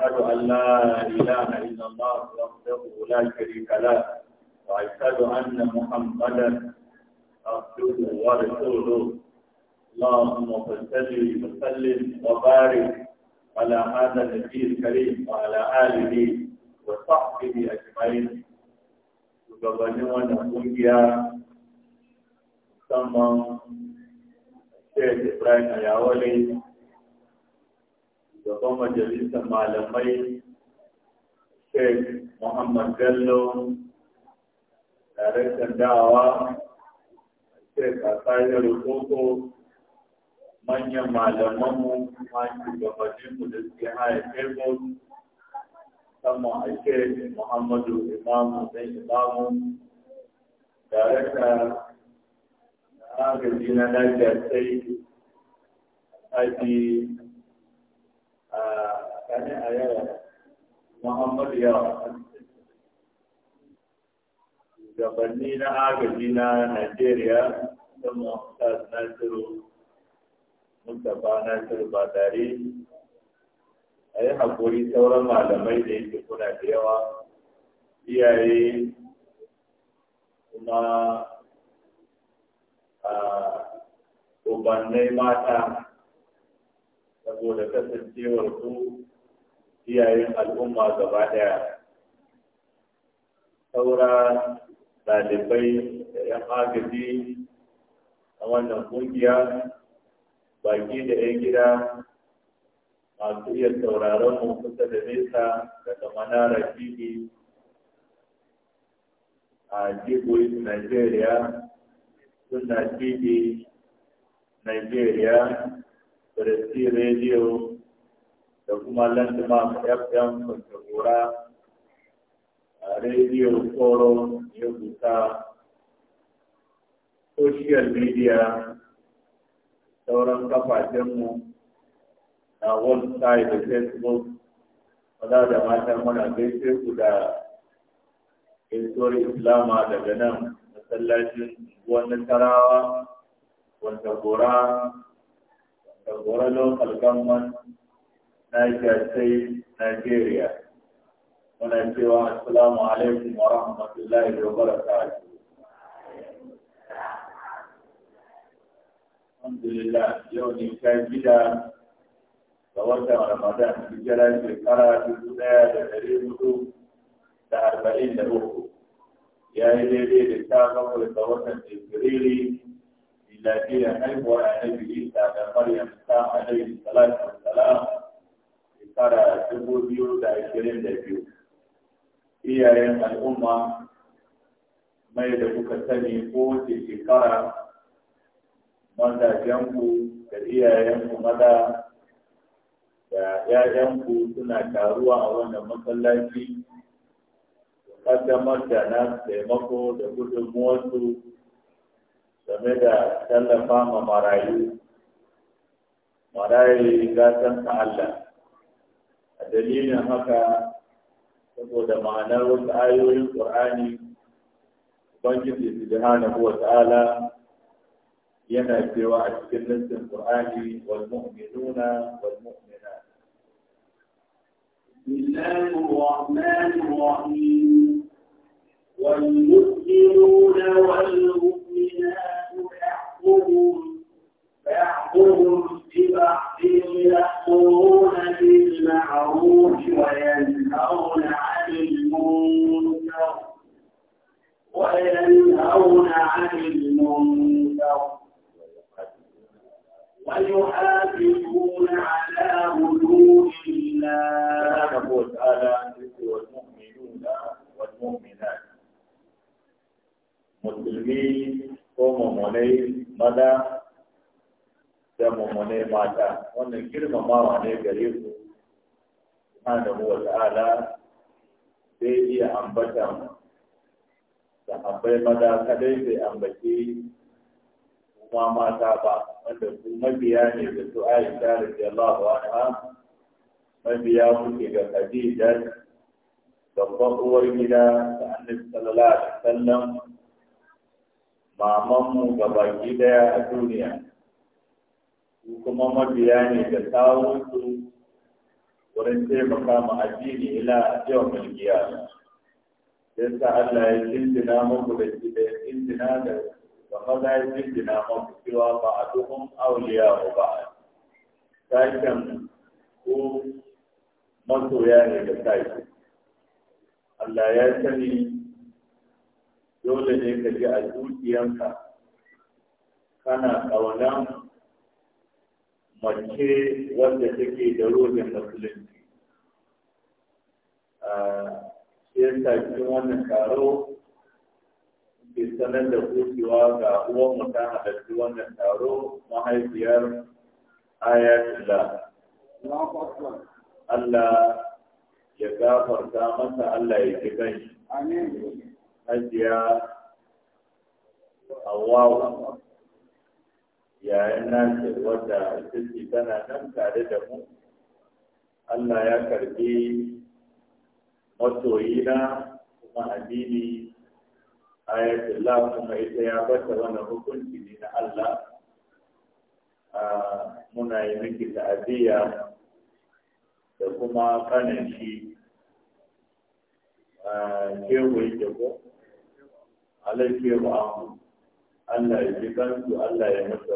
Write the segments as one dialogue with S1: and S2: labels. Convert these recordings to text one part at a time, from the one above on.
S1: أشهد أن لا إله إلا الله وحده لا شريك له وأشهد أن محمدا عبده ورسوله اللهم صل وسلم وبارك على هذا النبي الكريم وعلى آله وصحبه أجمعين shugabanni wannan kungiya musamman Sheikh Ibrahim Ayawale gaban majalisar malamai sheikh muhammad gallo daraktan dawa sheikh asayar koko manyan malamanmu ma shugabanninmu da suke haya tebur musamman a sheikh muhammadu imamu dan imamu darakta agaji na lafiya sai aji kanin a yawa muhammadu yawa gabanni na agaji na najeriya da muhammadu nasiru mustapha nasiru ba tare a yi haƙuri sauran malamai da yake kuna da yawa iyaye kuma ah, ubannai mata saboda kasancewar su iyayen al'umma gaba ɗaya saura ɗalibai da 'yan agaji a wannan ƙungiya baki da 'yan gida masu iya sauraron mu kusa da nesa daga manara tv a jibuwis nigeria suna tv nigeria Firisi rediyo da kuma Landmark FM Kwantagora a rediyo Koro Yabuta social media sauran kafafenmu na website da Facebook maza da mata muna gaishe ku da gaisuwar islama daga nan masallacin wani tarawa wanda gora da gora local government Niger State, Nigeria. Muna cewa Assalamu alaikum wa rahmatullahi wa barakatuh. Alhamdulillah, yau ne kai gida ga watan Ramadan, hijira shekara dubu ɗaya da dari hudu da arba'in da uku. Ya yi daidai da sha bakwai ga watan Jibirili lafiyar haihuwa a nabi da maryam ta alaihi salatu wassalam shekara dubu biyu da ashirin da biyu iyayen al'umma mai da kuka sani ko ce shekara mazajenku da iyayenku maza da ‘ya'yanku suna taruwa a wannan masallaci kaddamar da na taimako da gudunmuwarsu زمدا کله پام مارایو مارای غاتن تعالی دلیل هغه کو د معنا او آیو القرآنی بنجه دې دې نه هو والمؤمنون والمؤمنات بسم الله الرحمن الرحيم والمؤمنون والمؤمنات يحكمهم فيحكمهم ببعضهم يأمرون بالمعروف وينهون عن المنكر وينهون عن المنكر ويحاسبون على وجوه الله سبحانه والمؤمنون والمؤمنات مسلمين ko mummunai maza da mummunai mata wannan girmamawa ne gare ku subhanahu wa ta'ala zai iya ambata abai maza kadai bai ambaci kuma mata ba wanda su mabiya ne da su aisha radiyallahu anha mabiya kuke ga khadija babban uwar gida ta annabi sallallahu alaihi wasallam mamanmu ga baki daya a duniya su kuma mabiya ne da tsawonsu wurin taimaka ma addini ila cewa mulkiya yasa Allah ya jinjina muku da shi da jinjina da ba maza ya jinjina muku cewa ba a duhun auliya ba sashen ko masoya ne da sashen Allah ya sani dole ne ka ji a zuciyarka kana ƙaunar mace wanda take da ruhin musulunci a yasa cikin wannan taro ke sanar da kusurwa ga mutum ta halarci wannan taro mahaifiyar ayatullah Allah ya gafarta masa Allah ya ji gani ajiya hawawa yayin nace wadda ita tana nan tare da mu Allah ya karbi masoyina kuma addini ayatullah kuma ita ya bata wani hukunci ne na Allah muna yi miki ta'aziyya da kuma kanin shi shehu yake ko alai shehu amu Allah ya ji kansu Allah ya musu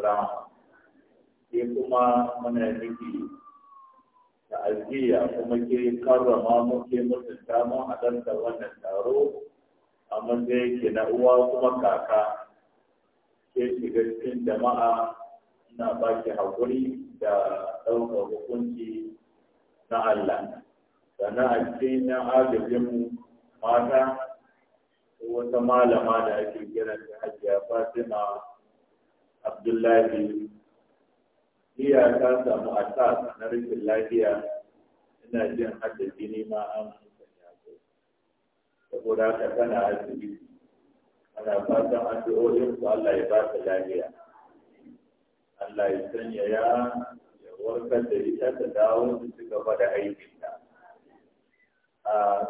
S1: ke kuma muna miki ta'aziyya kuma ke karrama mu ke mutunta mu halarta wannan taro a matsayin ke na uwa kuma kaka ke shiga cikin jama'a na baki haƙuri da ɗaukar hukunci na Allah sannan a cikin na agajinmu mata wata malama da ake kira da hajiya fatima abdullahi iya ta samu a sa na rikin lafiya ina jin hada jini ma an saboda ka tana asibiti ana fatan addu'o'in ku Allah ya ba lafiya Allah ya sanya ya warkar da ita ta dawo su ci gaba da aikinta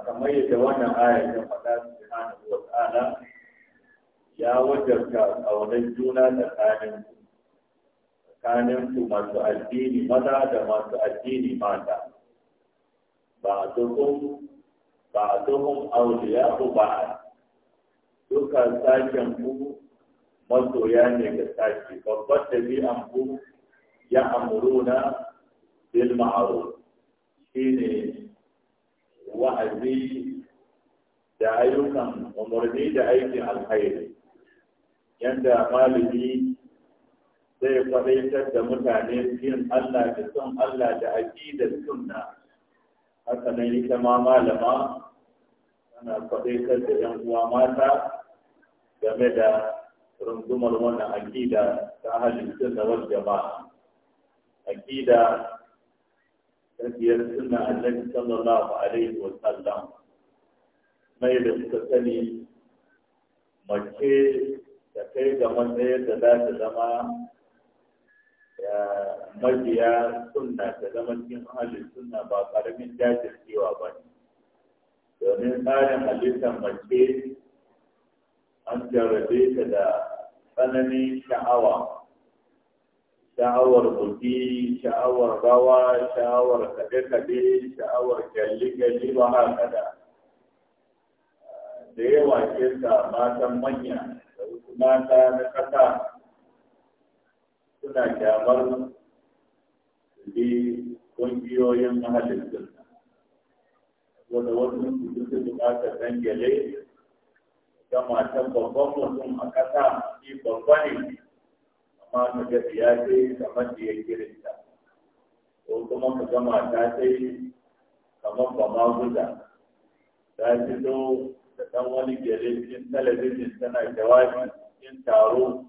S1: kamar yadda wannan ayar ta faɗa subhanahu wa ta'ala ya wajarta ƙaunar juna tsakanin tsakanin su masu addini maza da masu addini mata ba duhun ba aure auliya ko ba duka sashen ku masoya ne ga sashi babbar ɗabi'an ku ya amuruna bil shi shine wa'azi da ayyukan umarni da aikin alkhairi yadda malami zai kwadaitar da mutane yin Allah da son Allah da aƙidar sunna haka nan ita ma malama tana kwadaitar da yan uwa mata game da rungumar wannan aƙida ta halin sunna wal jama'a aƙida التي يرسلنا النبي صلى الله عليه وسلم ميل السكني مكي تكي دمني تدات دما مجيا سنة تدما تكين أهل السنة باقر من جاج السيوة بني ومن تاريخ حديث مكي أنت رديك دا سنني شعوة sha'awar buki sha'awar rawa sha'awar kade-kade, sha'awar gyalli-gyalli ba da da yawa ke sa matan manya da wasu mata na ƙasa suna kyamar da ƙungiyoyin mahalin sunna wanda wasu su su buƙatar dangale ga matan babban mutum a ƙasa shi babba ne amma ka ya ce kamar da ya ko kuma ka gama ta ce kamar ba ma guda ta fito da ɗan wani gele cikin talabijin tana jawabi cikin taro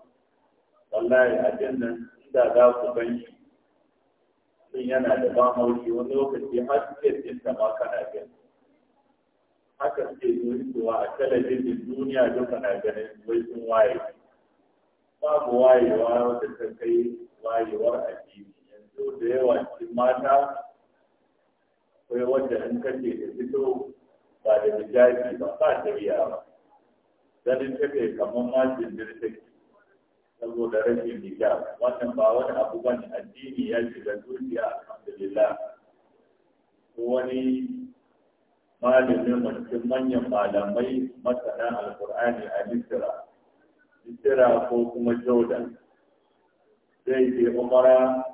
S1: wallahi a jin nan inda za ku ban shi sun yana da ban haushi wani lokaci har suke jin ta ma kana haka suke zuwa a talabijin duniya duka na ganin wai sun waye babu wayewa wata ta kai wayewar addini yanzu da yawa cikin mata akwai wanda in kace da fito ba da hijabi ba ba shari'a ba ganin ta kai kamar ma jindir take saboda rashin hijab wannan ba wani abu ba ne addini ya shiga zuciya alhamdulillah ko wani malamin mutum manyan malamai masana alkur'ani a misira jira ko kuma jauda zai je umara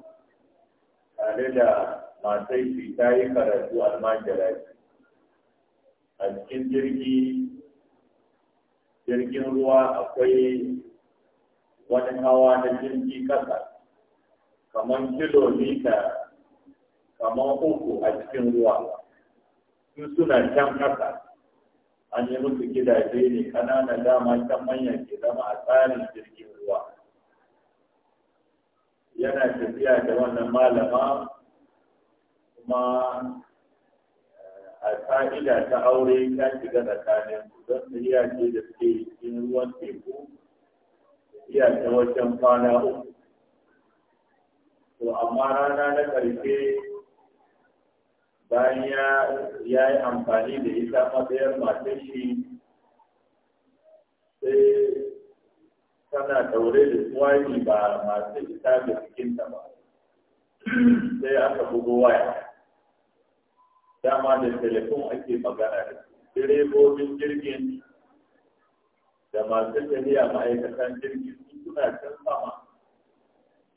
S1: tare da matai su ta yi karatu almajira a cikin jirgi jirgin ruwa akwai wani hawa na jirgi kasa kamar kilomita kamar uku a cikin ruwa su suna can kasa an yi musu gidaje ne kanana dama can manyan ke zama a tsarin jirgin ruwa yana tafiya da wannan malama kuma eh, a ta aure ta shiga tsakanin don tafiya ce da suke cikin ruwan teku tafiya ta wajen kwana uku to amma rana na ƙarshe bayan ya yi amfani da ita matsayar matan shi sai tana daure da tsuwani ba masu ita da ta ba sai aka bugo waya dama da telefon ake magana da direbobin jirgin da masu tafiya ma'aikatan jirgin suna can sama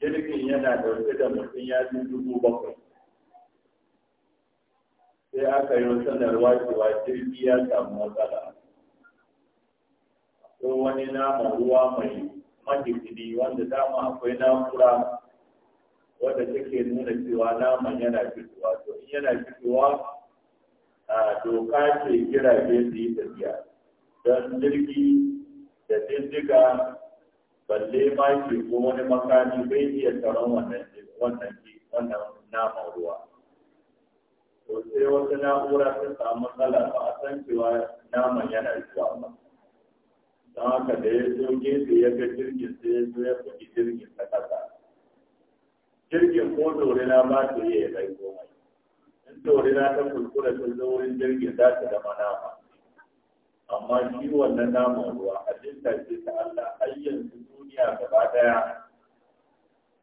S1: jirgin yana dauke da mutum ya dubu bakwai sai aka yi sanarwa cewa jirgi ya samu matsala ko wani nama ruwa mai mahimmi wanda dama akwai na'ura wadda take nuna cewa nama yana fitowa to in yana fitowa a doka ce jirage su yi tafiya don jirgi da diddiga balle ma ko wani makami bai iya tsaron wannan wannan nama ruwa to sai wata na'ura ta samu matsala ba a san cewa naman yana zuwa ba don haka da ya zo gefe ya ga jirgin sai ya zo ya bugi jirgin ta kasa jirgin ko dorina ba ta yi ya kai komai in dorina ta kulkura ta zo wurin jirgin za ta zama nama amma shi wannan naman ruwa a jinta ce ta Allah har yanzu duniya gaba daya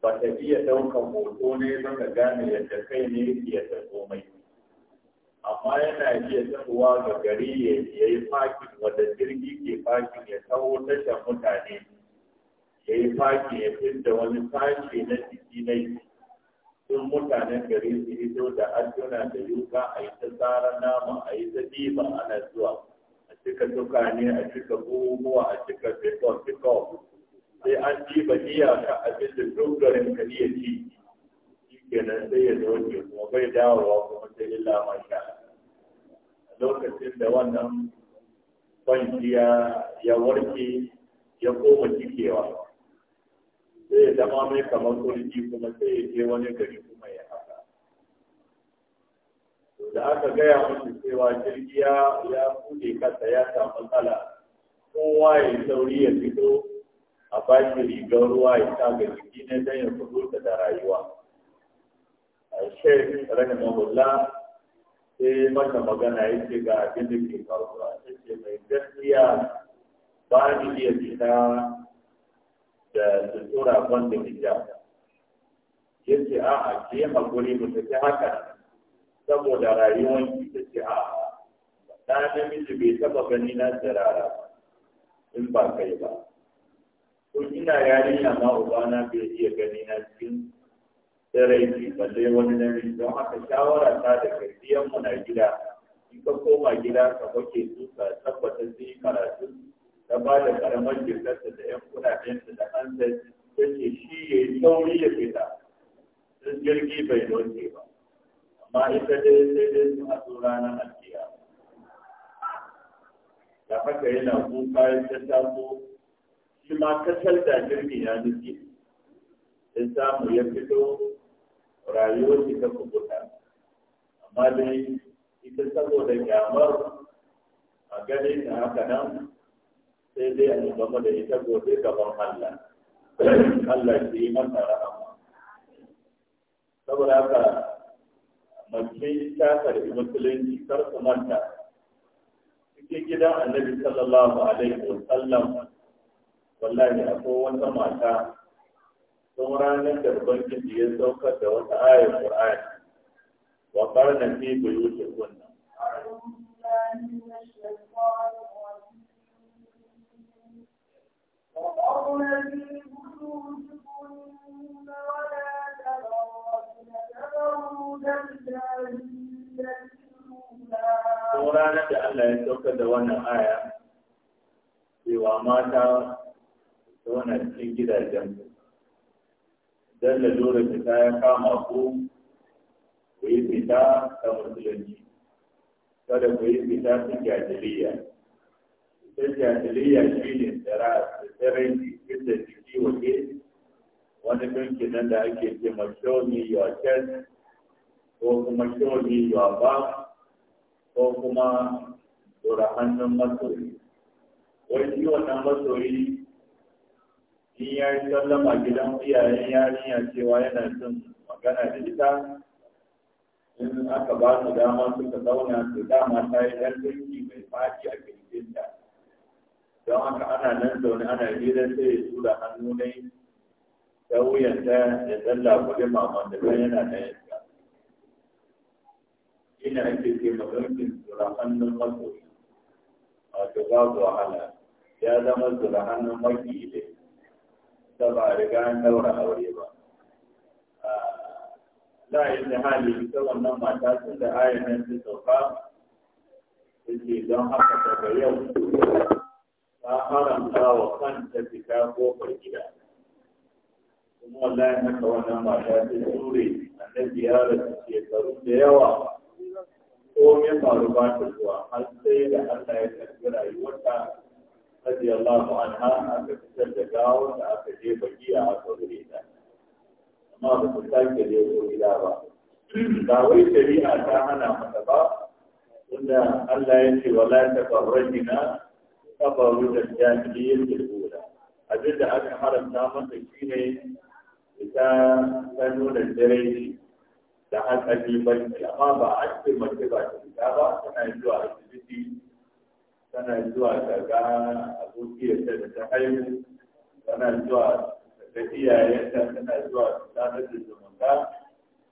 S1: ba ta iya ɗaukar hoto ne ba ka gane yadda kai ne yake ta komai amma yana iya tahowa ga gari ya yi fakin wanda jirgi ke fakin ya taho tashar mutane ya yi fakin ya da wani sashe na jiki na sun mutanen gari su zo da arjuna da yuka a yi ta tsara nama a yi ta diba ana zuwa a cika tukane a cika buhuhuwa a cika fikon fikon sai an ɗiba ka abin da duk garin ka ya ci kenan sai ya zo ke kuma bai dawowa kuma sai illa masha lokacin da wannan kwanciya ya warke ya koma cikewa sai ya zama mai kamar kurji kuma sai ya je wani gari kuma ya haka da aka gaya musu cewa jirgi ya bude kasa ya samu matsala kowa ya sauri ya fito a bashi rigar ruwa ya sa ga jiki na don ya fito da rayuwa a shek rahimahullah sai mata magana ya ce ga abin da ke faruwa ta ce mai gaskiya ba ni iya fita da sutura wanda da hijab ya ce a a ke hakuri mu tafi haka saboda rayuwar ki ta ce a na namiji bai taba gani na tsirara in ba kai ba ko ina yarinya ma ubana bai iya gani na cikin da raiki balle wani namiji don haka shawara ta da karfiyan mu na gida in ka koma gida ka bake su ka tabbata su yi karatu ta ba da karamar jirgarsa da yan kudadensa da hanzar ta ce shi ya yi sauri ya fita sun jirgi bai doke ba amma ita dai sai dai sun haɗu ranar alkiya da haka yana kuka ya ta tafo shi ma kasar da jirgin ya nufi ya samu ya fito rayuwar shi ta kubuta amma dai ita saboda kyamar a gani ta haka nan sai dai an gama da ita gobe gaban Allah Allah shi yi mata rahama saboda haka mace ta karbi musulunci kar su manta cikin gidan annabi sallallahu alaihi wa sallam wallahi akwai wata mata sun ranar da ubangiji ya saukar da wata ayar qur'ani wa qarna fi buyutikunna
S2: وقرن في بيوتكن Ranar
S1: da Allah ya sauka da wannan aya, cewa mata zauna cikin gidajen dole ta ta ya kama ku ku yi fita ta musulunci kada ku yi fita ta jahiliya ta jahiliya shi ne tsara jikin da jiki waje wani dunki nan da ake ce ma show me your chest ko kuma show me your back ko kuma dora hannun masoyi wani wa wannan masoyi in ya yi sallama gidan iyayen yarinya cewa yana jin magana da ita in aka ba su dama suka zauna su dama ta yi ɗan dinki mai faɗi a kirkinta don haka ana nan zaune ana hira sai ya tura hannu ne ta wuyanta ya tsalla kuɗi mamman da ta yana ɗan yanka ina ake ce magarkin tura hannun masoyi wato babu wahala ya zama tura hannun maki ne da ba riga an aure ba za a yi ta hali ita wannan mata tun da ayin nan ta sauka take don haka daga yau ta haramta wa kanta fita kofar gida kuma wallahi haka wannan mata ta ture annabi ya rasu shekaru da yawa komai faru ba ta zuwa har sai da Allah ya karbi rayuwarta رضي الله عنها أنك تسد داون أنك جيب جيئة أصدرينا ما بسلتك إلى إلاوة داوي شريعة تاهنا مطبع قلنا ألا ينشي ولا تبرجنا تبرج الجاهلية الأولى أجد أن حرم نامت الشيني إذا كانوا الجريدي da hankali bai ما بعد a cikin mace أنا ta fita tana zuwa daga ga abokiyarta da ta haihu tana zuwa ta ga iyayenta tana zuwa ta sanar da zumunta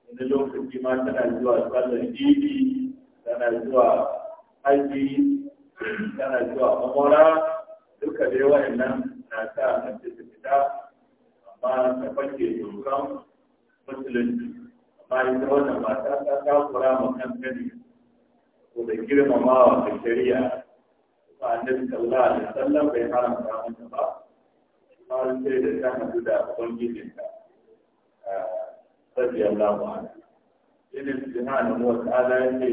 S1: wani lokaci ma tana zuwa sallar idi tana zuwa haji tana zuwa mamora duka dai wa'annan na sa mace ta fita amma ta fake dokan musulunci amma ita wannan mata ta takura ma kan gani ko da girmamawa ga shari'a ba annabi sallallahu alaihi wasallam bai haramta mata ba har sai da ta hadu da ubangijinta eh, rabbi Allahu anha idan subhanahu wa ta'ala yake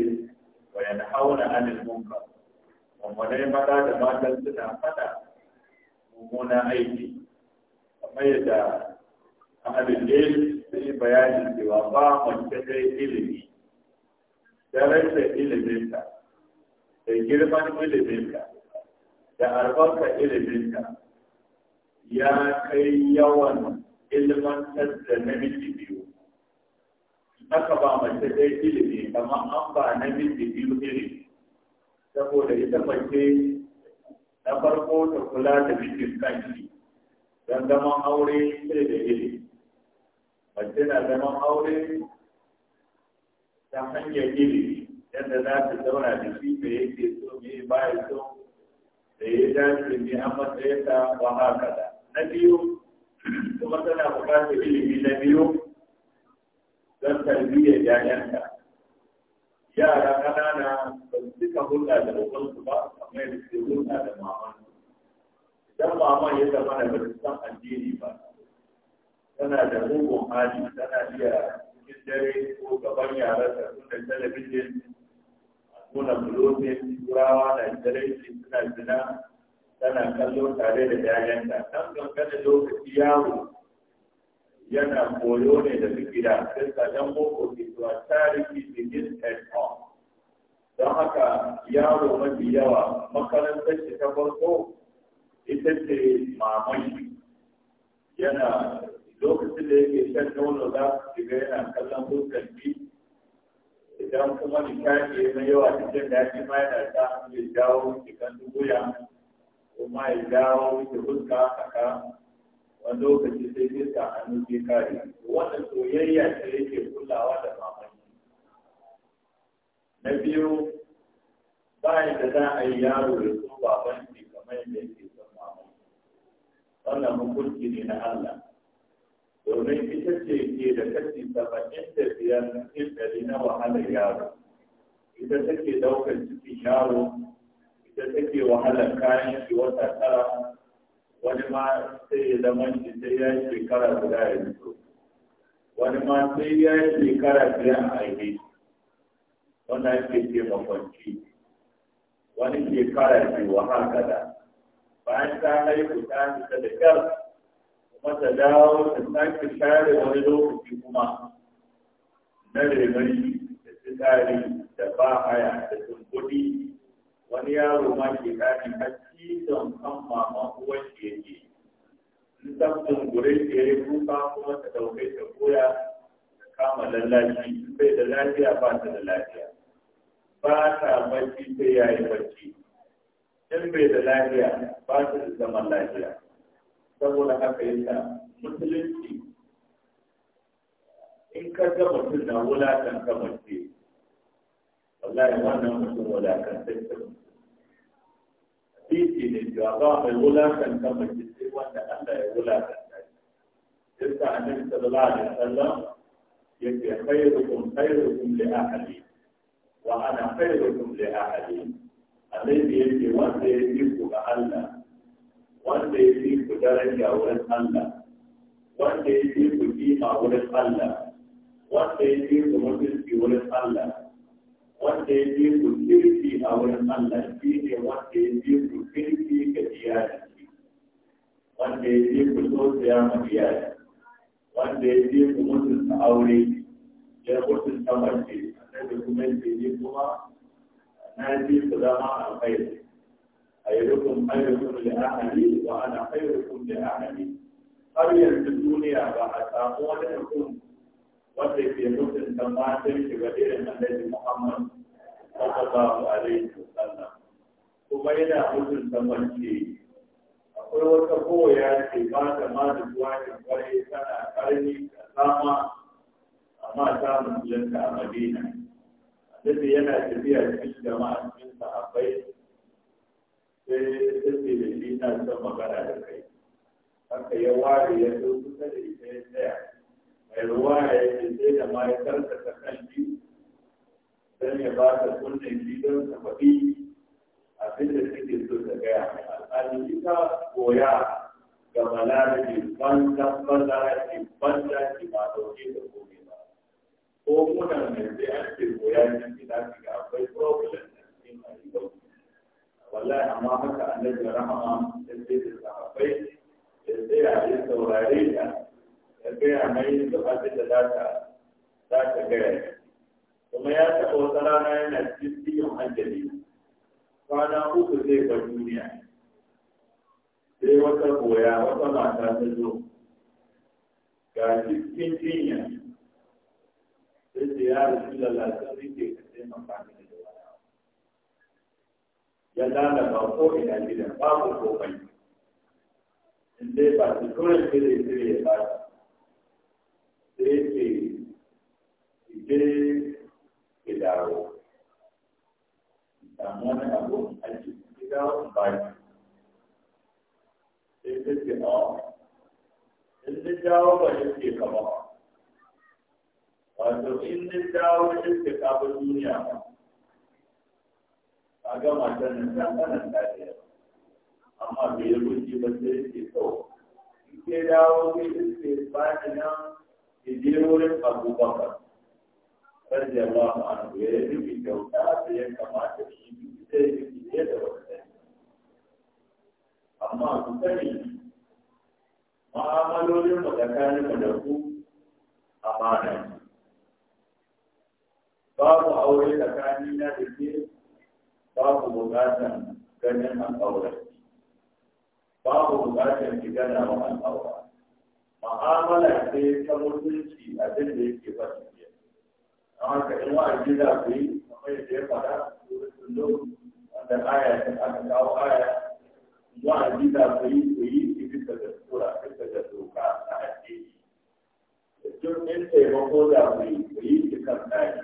S1: wa yanhauna 'anil munkar mummunai maza da matan suna fada mummunan aiki kamar yadda ahalin ilmi ya yi bayanin cewa ba mace dai ilimi da rashin iliminta da girman iliminta da albarka iliminta ya kai yawan ilmantar da namiji biyu aka ba mace dai ilimi kamar an ba namiji biyu iri saboda ita mace na farko ta kula da mijin kanki don zaman aure sai da iri mace na zaman aure ta hanyar iri yadda za ta zauna da shi da yake so mai baya son. إيجاد في النعمة إيتا وهكذا نبي ومثلا وكانت في النبي لم تلبية جاهلتا يا رقنانا فلسك هل هذا وقل سبا أما يبسرون هذا ما أمان دم أما يتمنى بلسك الديني فا أنا دموه حاجي أنا ليا كنتري وكبني على سرطان الثلاثين kuna bulokin turawa na jarai suna zina tana kallo tare da yayanta kan kankanin lokaci yaro yana koyo ne da fikira sai dan boko ke zuwa tarihi begin at on don haka yaro mafi yawa makarantar shi ta farko ita ce mamaki yana lokacin da yake shan nono za su shiga yana kallon fuskar idan kuma ni ya na yawa cikin daji ma yana sa ya jawo cikin wuya kuma ya jawo da fuska haka wani lokaci sai zai sa hannu zai kare wannan soyayya ce yake kulawa da mamaki na biyu bayan da za a yi yaro ya so baban shi kamar yadda yake son mamaki wannan hukunci ne na Allah domin ita ce ke da kashi saba'in da biyar cikin ɗari na wahalar yaro ita take ɗaukar cikin yaro ita take wahalar kayan shi wata tara wani ma sai ya zama shi sai ya yi shekara guda ya fito wani ma sai ya yi shekara biyar a aiki wannan ake ce mafarki wani shekara ce wahal kada bayan ta haihu ta fita da kyar kuma ta dawo ta sake share wani lokaci kuma na lemari da tsari da bahaya da tumbuɗi wani yaro ma ke kani a don kan maman uwan shi yake in san tumbure shi yi kuka kuma ta ɗauke ta koya ta kama lallaci bai da lafiya ba ta da lafiya ba ta bacci sai ya yi bacci in bai da lafiya ba ta da zaman lafiya saboda haka yasa musulunci in ka ga mutum na wulakan ka mace wallahi wannan mutum wulakan sai ta Hadisi ne cewa ba mai wulakan ka mace sai wanda Allah ya wulakan ta shi sai annabi sallallahu alaihi wasallam yake khairukum khairukum li ahli wa ana khairukum li ahli annabi yake wanda ya yi ku ga Allah wanda ya yi ku daraja wurin Allah wanda ya yi ku kima wurin Allah wanda ya fi su mutunci wurin Allah wanda ya fi su kirki a wurin Allah shi ne wanda ya fi su kirki ga iyali wanda ya fi su sosiya ma iyali wanda ya fi su mutunta aure ya mutunta mace sai da kuma ya fi kuma na fi su zama a kai ayyukum ayyukum li ahli wa ana khayrukum li ahli har yanzu duniya ba a samu wani mutum wanda ke da matan shi ga irin da Muhammad sallallahu alaihi wasallam kuma yana da mace akwai wata koya ce ba ta ma da zuwa ta kwarai tana karni ta sama amma ta musulunta a Madina annabi yana tafiya cikin jama'a cikin sahabbai sai sai da shi na son magana da kai haka ya ware ya zo kusa da ita ya tsaya mai ruwa ya yi ta ya ba ta kunnen shi ta faɗi abin da so ta gaya ita koya ki ki da kome ba ko mai sai an ce koya amma haka annabi rahama sai da sahabbai da sai gaya mai duk abin da za ta gaya kuma ya taɓa wata rana yana cikin ciwon hankali kwana uku zai bar duniya sai wata goya wata mata ta zo ga cikin jinya sai ce ya rasu lalata rike ka taimaka mini da wani abu ya lalata ko ina gidan babu komai in dai ba su kawai sai zai ya ba sai ke ide ke dawo samu wani abu a cikin gida wani baki sai ta ce a in ta jawo ba shi ke kama wato in ta jawo shi ke kaba duniya ba a ga matan nan ta kanan tafiya amma bai yi gudu in ke dawo je wurin abubakar rage ba a hannu ya yi rufi da kamata da ku babu aure tsakani na da ke babu bukatan ganin al'aure babu bukatan ki gana wa ma'amala ce ta mutunci abin da yake ba su biya amma ka in wa gida ku yi kamar yadda ya faɗa sun zo wanda aya ta aka kawo aya wa gida ku yi ku yi ki bisa da tura bisa da doka a addini duk ɗin taimako da ku yi ku yi ki kan tsari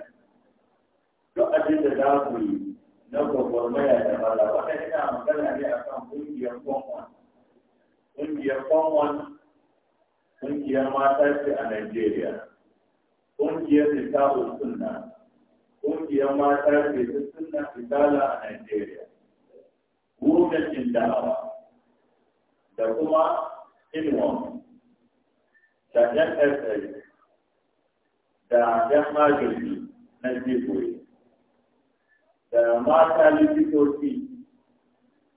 S1: duk abin da za ku yi na gwagwarmaya da mala wannan ina magana ne akan ƙungiyar kwanwan ƙungiyar kwanwan ƙungiyar mata ce a Najeriya, ƙungiyar Nisa'ul Sunna, ƙungiyar mata ce ta Sunna Fitala a Najeriya, Women Da'awa, da kuma Inwam, da NSA, da ‘yan magani na Jiboyi, da mata likitoci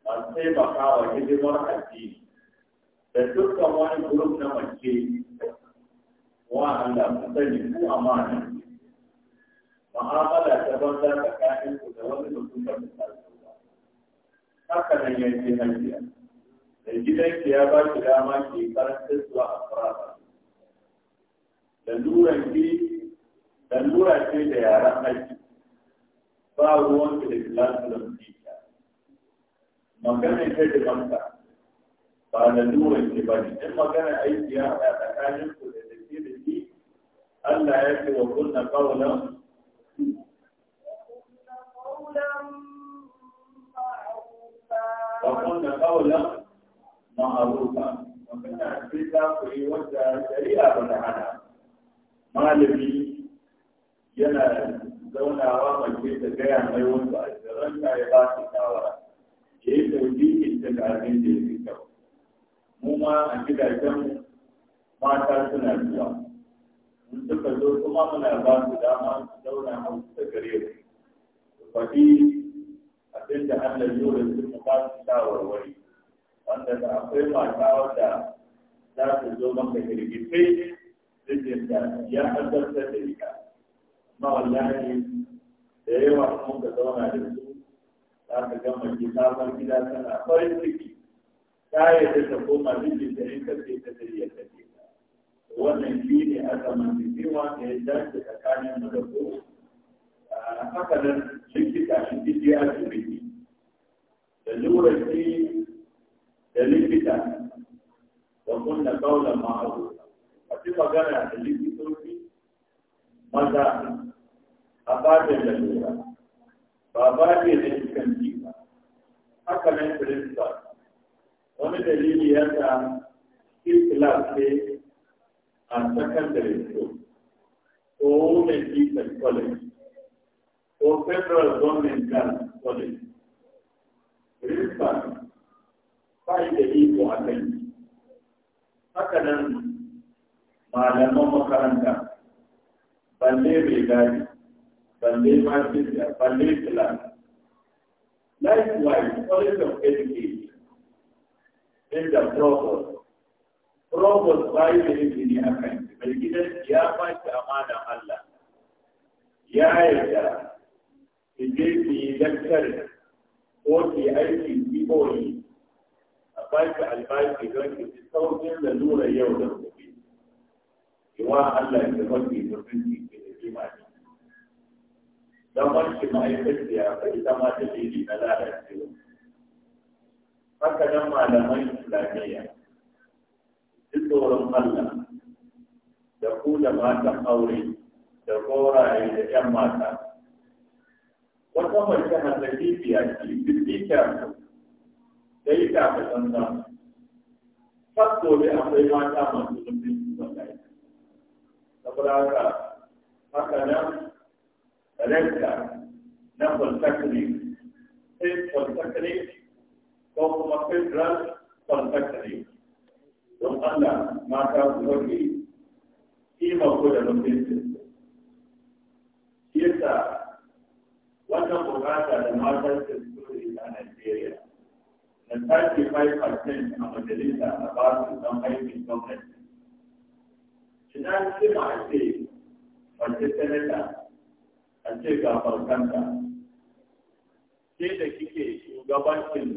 S1: masu taimakawa hidimar addini. da dukkan wani grup na mace wa Allah ku sani ku amana mu'amala ta banza tsakanin ku da wani mutum da ta haka nan ya yanke hajiya da gidanki ya ba ki dama ke karanta zuwa a fara da lura ce da yaran haji ba ruwanki da kilasu da mutum magana ta da banka فهذا النور الكباني إما كان أي سياحة أكان يفكر الكثير فيه ألا يكي وكنا قولا وقلنا قولا معروفا وكنا حسيتا في وجه شريعة بنحنا ما لبي ينا دون عرام الجيدة جاية ميوزة إذا رنجا يباتي كاورا جيدة وديك انتك عزيزي mu ma a gidajen mata suna zuwa in suka zo kuma muna ba su dama su zauna a wuce gare su faɗi abinda Allah yau da su ba su shawarwari wanda da akwai mata wadda za su zo maka girgifai da ya haddasa da ita amma wallahi da yawa mun ka zauna da su za ka gama gida gida tana farin ciki ta da ta koma jirgin da ya kace ta zariya ta ce wannan shi ne aka mantiwa da ya dace tsakanin mu A haka nan likita shi kike asibiti da lurarci da likita da kunna kaulan ma'aru a ci magana da likitoci maza a fadar da lura ba ba ne da iskanci ba haka nan principal wani dalili ya sa islam ce a secondary school ko women teacher college ko federal government girls college principal ba yi da iko a kai haka nan malaman makaranta balle mai gadi balle masu balle class likewise college of education inda provost provost bai da izini a kan mai gidan ya ba shi amanan Allah ya yarda ki je ki yi lantar ko ki aiki kiboyi a ba shi albashi don ki ci saukin da lura yau da gobe ki wa Allah ki mafi mutunci ki da kimani don wanki ma'aikaciya ma ta dalili na lalacewa haka nan malaman islamiyya duk tsoron Allah da ku da matan aure da koraye da 'yan mata wata mace hasafi biya ce duk ita da ita ta canza fasto ne akwai mata masu zumbi wallahi saboda haka haka nan rekta na polytechnic sai polytechnic ko kuma federal contractory don Allah mata su kima ko da mutunci yasa wannan bukata da matan da suke a Najeriya na 35% a majalisa a basu don aikin gwamnati idan ce a ce mace senata a ce ga farkanta ke da kike shugabancin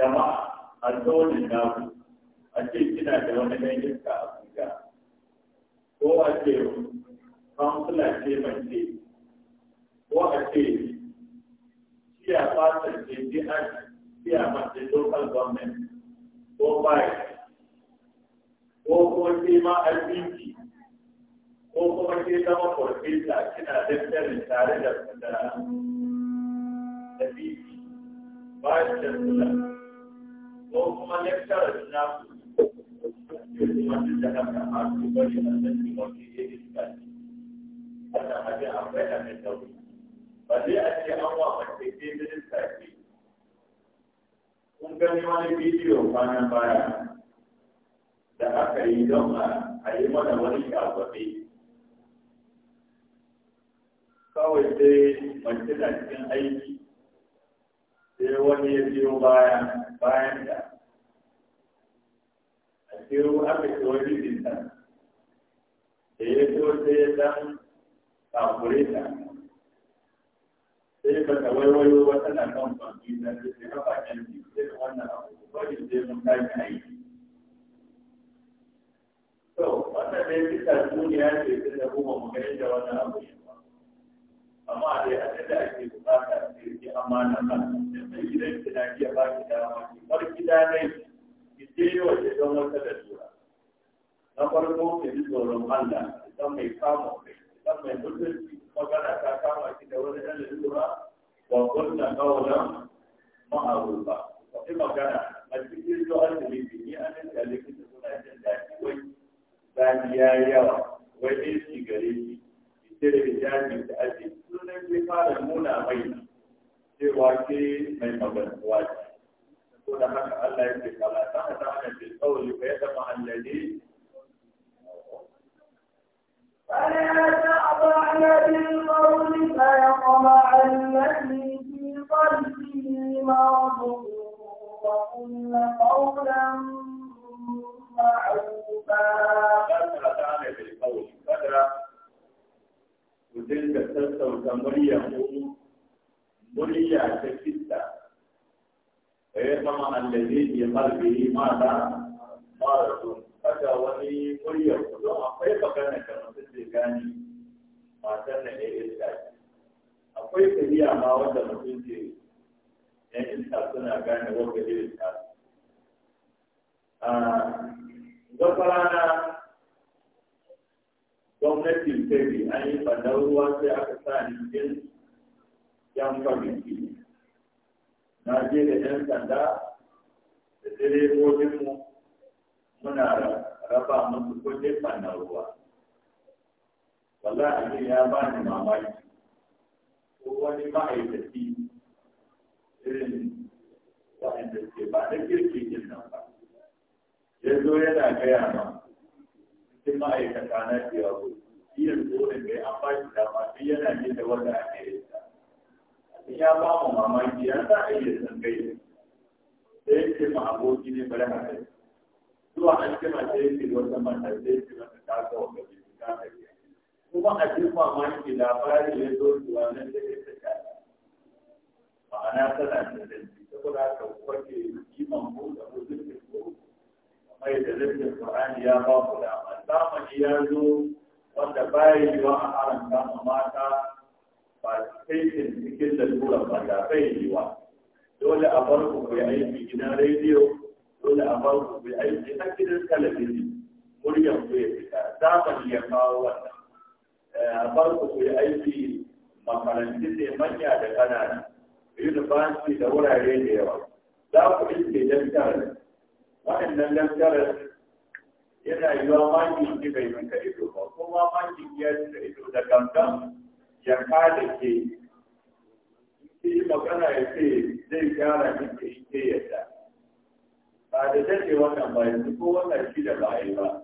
S1: jama'a a tsawon naku a ce kina da wani ɗan iska a Abuja ko a ce kansula ce mace ko a ce siya fatar ce jihar siya mace local government ko bai ko kuma ce ma albinki ko kuma ke zama farfesa kina daftarin tare da da da biki ba shi da ko kuma lecturer na ya ba zai aka yi don a yi mana wani shagwabe kawai sai mace na cikin aiki sai wani ya biyo baya bayan da a cikin aka ce wani jinta da ya so sai ya dan kakure ta sai ba ta waiwayo ba tana kan kwamfuta da ke kafa can biyu sai da wannan abu wani sai mun tashi aiki to wannan dai bisa duniya ce sai da kuma mu gani da wannan abu ne amma dai a da ake bukata ne ki amana ba. da mai gidan ki na iya ba ki dama ki bar gida ne ki je yau ki don wata da tura na farko ki ji tsoron Allah idan mai kama kai, idan mai mutunci magana ta kama ki da wani ɗan lalura wa kunna kawalan ma'arufa wata magana a cikin zuwa da ne ki anan da likita suna jin daɗi wai zafi ya yawa wai ne shi gare shi cire hijabi da ake sunan ke fara nuna mai cewa ke mai magantuwa ce. Ko da haka Allah ya ce kala ta hada ana ce tsawali ka yadda mahallali.
S2: فلا تعطعن بالقول فيطمع الذي في قلبه مرض وقل قولا معروفا.
S1: فلا تعطعن بالقول فلا ku dinga sassauta murya ku murya ta fitta eh zama allazi ya qalbi ma da maradun kada wani murya ku don akwai magana da mutum zai gane matan na ɗaya iska akwai tafiya ma wanda mutum zai yan iska suna gane wanda iska gafarana gwamnatin kebe an yi fadar ruwa sai aka sa ni cikin yan kwamiti na je da yan sanda da direbobinmu muna raba musu kudin fadar ruwa wallahi abin ya ba ni mamaki ko wani ma'aikaci irin waɗanda ke ba da kirki nan ba ya zo yana gaya ma sai ma'aikata na cewa ko iya zuwan bai an ba shi dama sai yana ne da wanda yi ne sai ya ba mu mamaki ya sa a iya san gai sai ya ce ma aboki ne bari haka zuwa an ce ma sai ya ce wata mata sai ya ce mata ta ga wanda bai ta ga kuma a cikin mamaki labari ya zo zuwa nan da ya ta ga ma'ana tana da dalili saboda haka kwace kiman ko da mutum ko mai da rufin Qur'ani ya ba ku dama zamani ya zo wanda baya yi wa a haramta ma mata ba cikin cikin lalura ba da bai yi wa dole a bar ku ku aiki gidan rediyo dole a bar ku ku aiki na gidan talabijin muryar ku ya fita zamani ya kawo wannan eh, a bar ku ku aiki makarantu ne manya da ƙanana university da wurare da yawa za ku iske don waɗannan lantarar yana yiwuwa makin ji bai maka ido ba kuma makin ya da ido da gamgam ya kada ke shi magana ya ce zai gyara miki ke yadda ba da dace wannan ba yanzu ko wannan shi da ba yi ba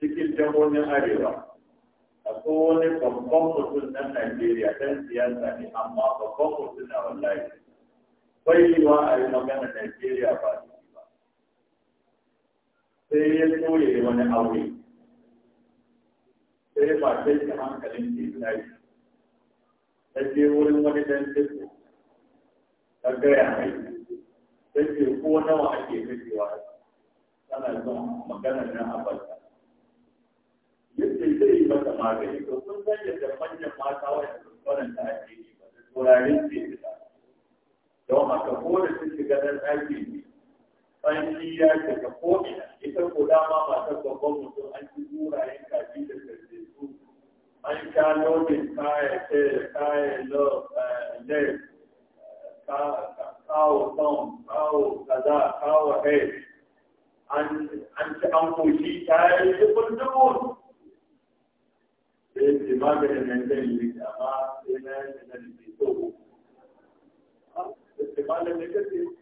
S1: cikin jamonin arewa akwai wani babban mutum na Najeriya dan siyasa ne amma babban mutum na wallahi bai yiwa a yi magana Najeriya ba su. sai ya soye wani aure sai ba sai ta hankalin ke tashi ta je wurin wani dan disko ta gaya mai ta ce ko nawa ake kashewa tana son maganar nan a barka yadda zai yi mata magani to sun san yadda manyan mata wanda sun faranta ake yi ba da turarin ce ta don haka ko da sun shiga ɗan ɗaki ne tsanci ya daga ko'ina ita ko dama matar babban mutum an ci wuraren kaji da karfe an sha lodin kaya ce da kaya leg kawo son kawo kaza kawo head an ci an koshi ta yi dubun dubun da ya ce maganin nan zai yi amma sai na yi na da ke so da ce maganin da ke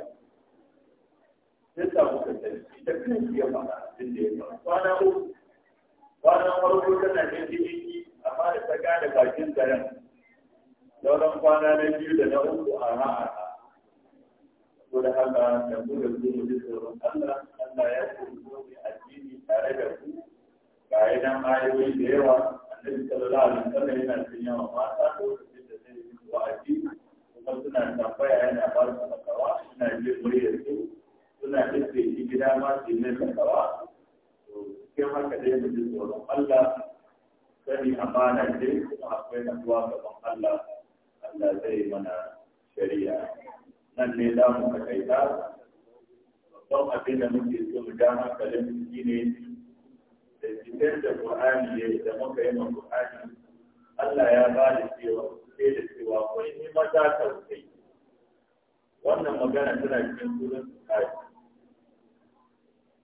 S1: duka muka tafi da kansu ya faɗa da ya uku tana amma bakin zaren sauran kwana na biyu da na uku a ra'a ko da haka da mu da su Allah ya mu addini tare da ku ga da yawa annabi sallallahu mata lokacin da zai yi wa'azi kuma suna tambaya yana ba su suna suna rufe shi gida ma su ne kakawa to cikin haka dai mu ji tsoron Allah sani amana ce kuma akwai natsuwa gaban Allah Allah zai mana shari'a nan ne za mu takaita babban abin da muke so mu ja hankalin shi ne da fitar da Qur'ani ne da muka yi ma Qur'ani Allah ya ba da cewa sai da cewa kwai ne mata tausayi wannan magana tana cikin sunan Qur'ani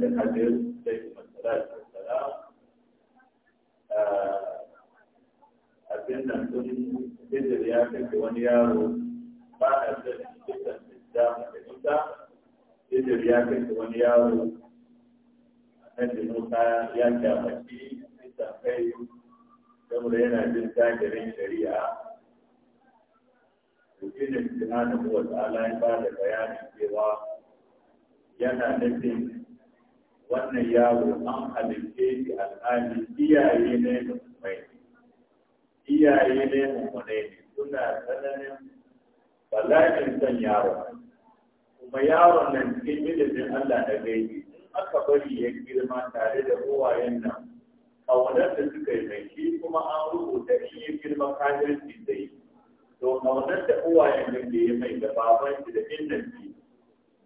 S1: da Khadir da Masala da abin nan sun Hidir ya kashe wani yaro ba a da dukkan da Musa Hidir ya kashe wani yaro nan da Musa ya kyamaci bisa kai saboda yana jin zagirin shari'a Ubangiji Subhanahu wa ta'ala ya ba da bayanin cewa yana nufin wannan yaro an halitte shi alhali iyaye ne musulmai iyaye ne mummune ne suna tsananin bala'in son yaro kuma yaron nan cikin ilimin Allah da gaibi in aka bari ya girma tare da uwayen nan ƙaunar da suka yi mai shi kuma an rubuta shi ya girma kafirci zai to ƙaunar da uwayen nan da ya mai da baban shi da inda shi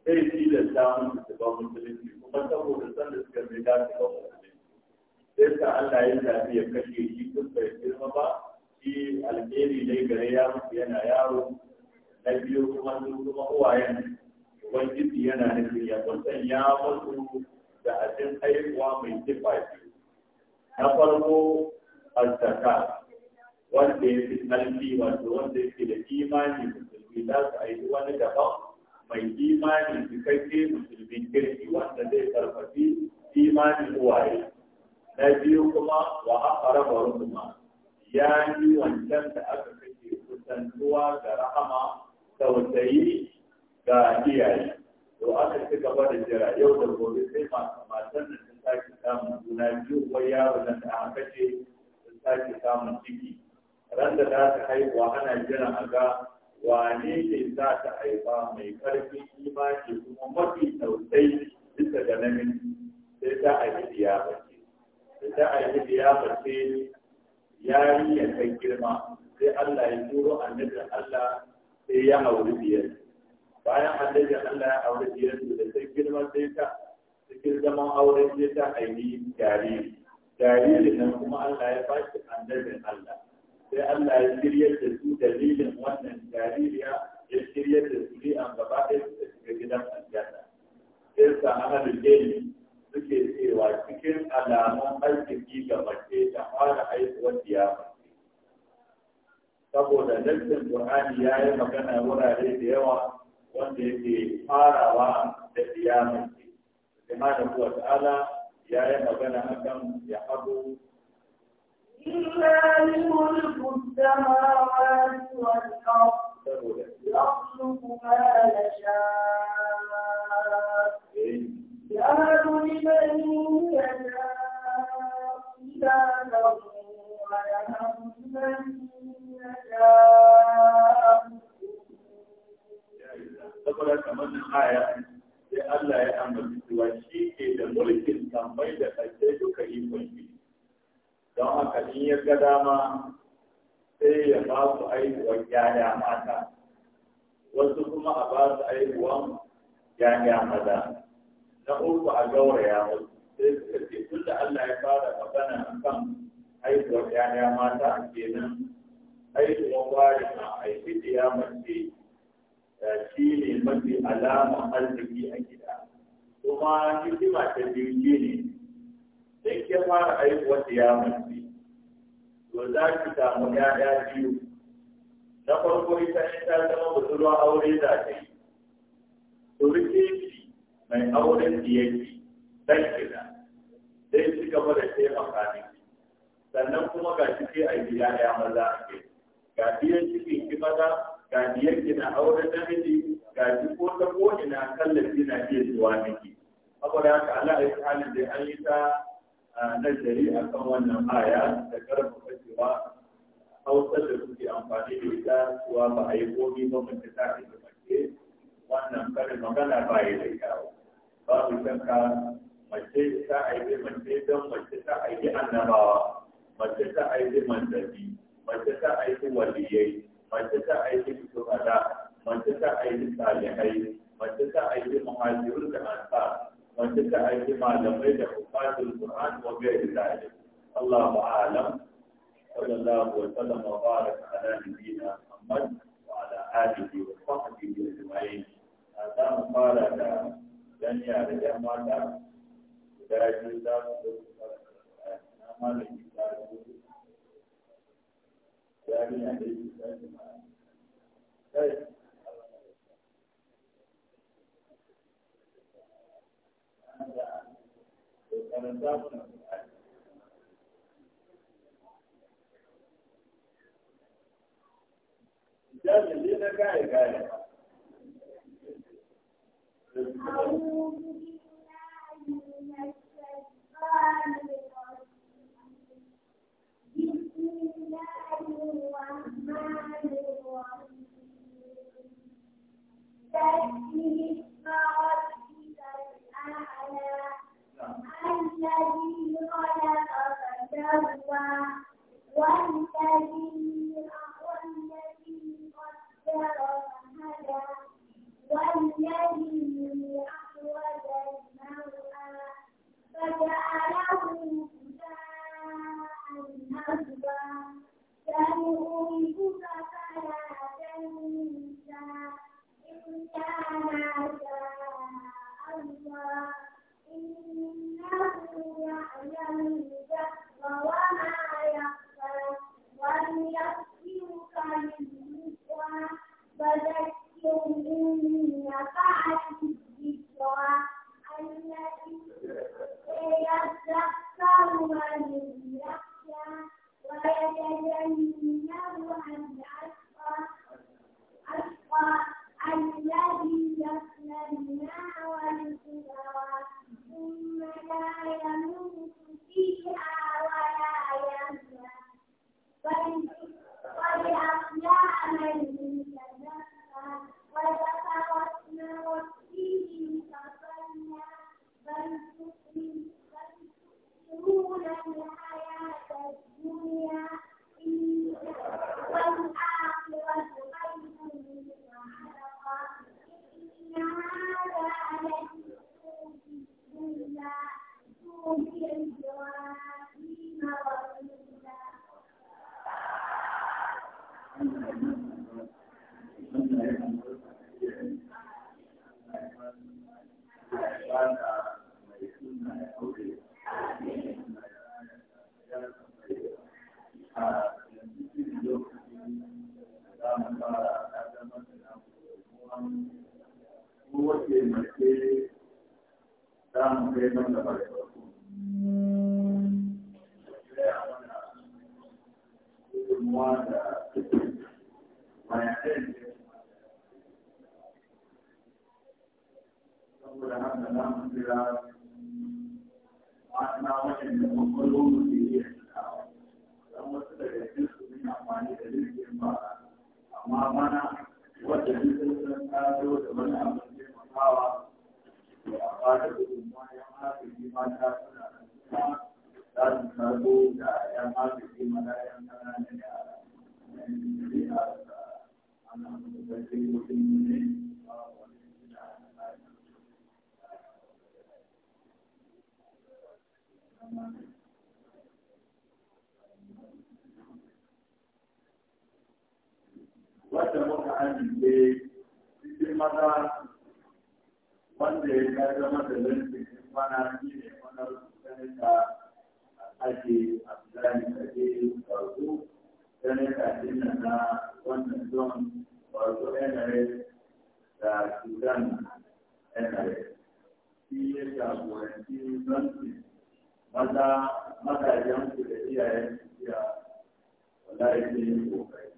S1: zai tilasta da su ba musulunci kuma saboda san da suka riga suka musulmi sai ka Allah ya zafi ya kashe shi duk bai girma ba shi alheri dai gare ya mutu yana yaro na biyu kuma su kuma uwayen ubangiji yana nufin ya kusan ya mutu da ajin haihuwa mai kifa na farko azzaka wanda ya fi tsalki wato wanda ya fi da imani musulmi za su haihu wani daban mai imani cikakke musulmin kirki wanda zai karfafi imanin uwaye na biyu kuma wa haƙara kuma ya yi wancan da aka kake kusantuwa ga rahama tausayi ga iyaye to aka ci gaba da jira yau da gobe sai masu matan da sun sake samun juna biyu ko yaro nan da aka ce sun sake samun ciki ran da za ta haihuwa ana jiran a ga wane ne za ta haifa mai ƙarfin imani kuma mafi tausayi bisa ga namiji sai ta haifi diya mace sai ta haifi diya mace ya yi ya kai girma sai Allah ya turo annabin Allah sai ya auri biyar bayan annabin Allah ya auri biyar da sai girma sai ta cikin zaman auren sai ta haifi jariri jaririn nan kuma Allah ya ba shi Allah sai Allah ya shiryar da su dalilin wannan jaririya ya shiryar da su an gaba ɗaya su shiga gidan aljanna sai sa ahalul ilmi suke cewa cikin alamun arziki ga mace ta fara haihuwar diya saboda dattin Qur'ani ya yi magana wurare da yawa wanda yake farawa da diya mace. Subhanahu wa ta'ala ya yi magana akan ya
S2: haɗu إلا لملك السماوات والأرض يخلق ما يشاء يهب لمن يشاء إناثا ويهب من يشاء
S1: saboda kamar nan aya sai Allah ya amince cewa shi ke da mulkin tambayi da kake duka ikon shi don haka ya ga dama sai ya ba su aihuwar yaya mata wasu kuma a ba su aihuwan yaya maza na uku a gauraya wasu sai suka ce tun da Allah ya fara magana a kan aihuwar yaya mata kenan aihuwar wari na aiki da ya mace eh, shi ne mafi alama arziki a gida kuma hikima ta biyu ne sai ke fara aiwuwar da ya mace to za ki samu ya'ya biyu na farko ita ne ta zama budurwa aure za ta yi to rike shi mai auren da yake dan kina sai ci gaba da taimaka ne sannan kuma ga shi ke a gida ya maza a ke. ga biyan cikin ki maza ga biyan ki na auren miji ga shi ko ta ko ina ki na iya zuwa miki Akwai haka ala ayi halin da an yi ta nazari a kan wannan aya da karfafa cewa hausar da suke amfani da ita cewa ba a yi komi ba mace ta ake mace wannan kare magana ba ya da kyawu babu shakka mace ta aibe mace don mace ta aibe annabawa mace ta aibe manzanni mace ta aibe waliyai mace ta aibe shuhada mace ta aibe salihai mace ta aibe muhajirun da ansar وتلك أيما لقيت حفاظ القرآن وغير ذلك الله أعلم صلى الله وسلم وبارك على نبينا محمد وعلى آله وصحبه أجمعين هذا مقالة لن يعرف ماذا لا يجوز أعمال الكتاب لا يجوز أعمال الكتاب karanta kuna Jami'in na kare kare. れなんだから。wata su da ‘yan arziki ana muka wanda ya ga zama da lantarki mana shi ne wani rukunta ake abdullahi ake wato ganin kafin nan na wannan zon wato nrs da sudan nrs shi ya jagoranci zanci maza mazajen su da iyayen su biya wallahi sun yi kokari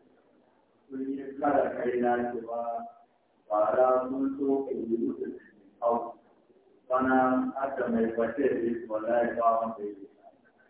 S1: sun yi kara kai na cewa bara sun so ka yi hau bana aka mai bace da wallahi ba wanda ya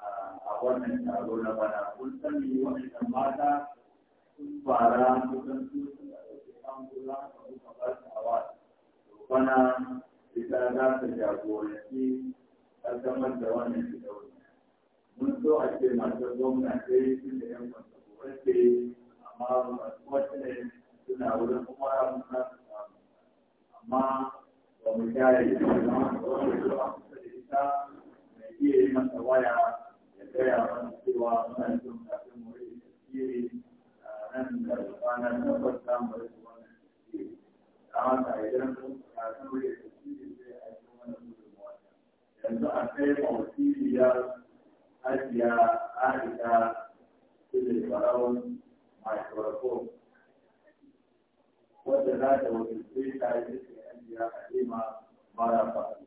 S1: a wannan taro na bana kun sani wannan mata sun fara kusan su suka ɗauki an kula ka kuka ba su hawa bana ita za ta jagoranci ƙaddamar da wannan gidauniya mun so a ce masu gwamna sai sun da yan kwanta gobe amma masu wacce suna wurin kuma mun za su samu amma ba mu kyara yi da wani wani wani wani wani wani wani wani wani wani gaya mana cewa muna jin kafin mu rage tasiri nan da kwanan na kwata mu rage wannan idan sai yanzu a da farau microphone wadda za ta ta yi hajiya halima mara faru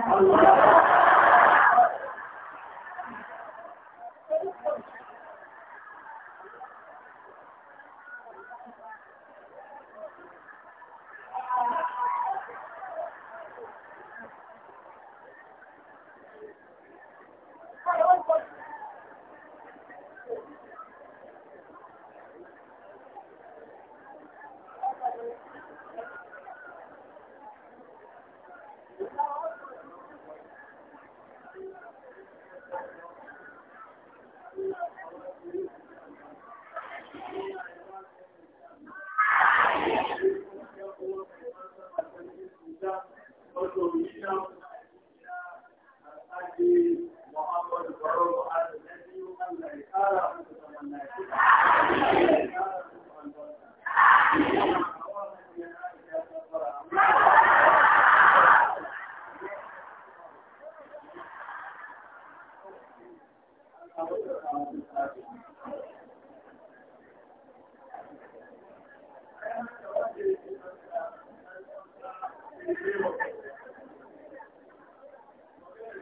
S2: Allah.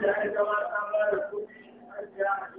S1: da ya gabata an ba da kuɗi an ja a ta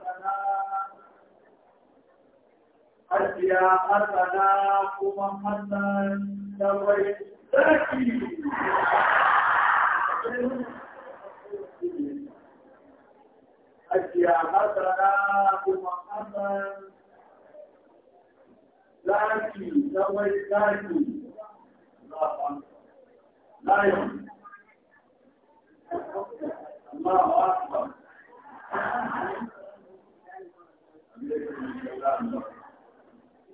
S1: ya hasana kuma hasan da bai zaki ajiya na kuma hasan zaki da bai zaki lion Allahu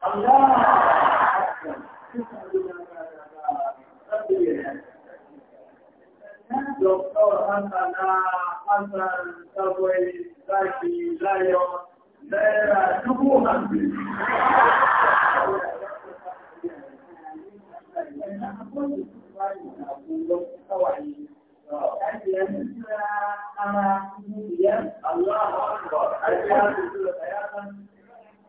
S1: Dọ̀kọ́
S2: Hásànà Hásàn Sọ́bọ̀
S1: Ìsáàkì Láyọ̀ Lẹ́ra Dúkú Hàbì. Ẹni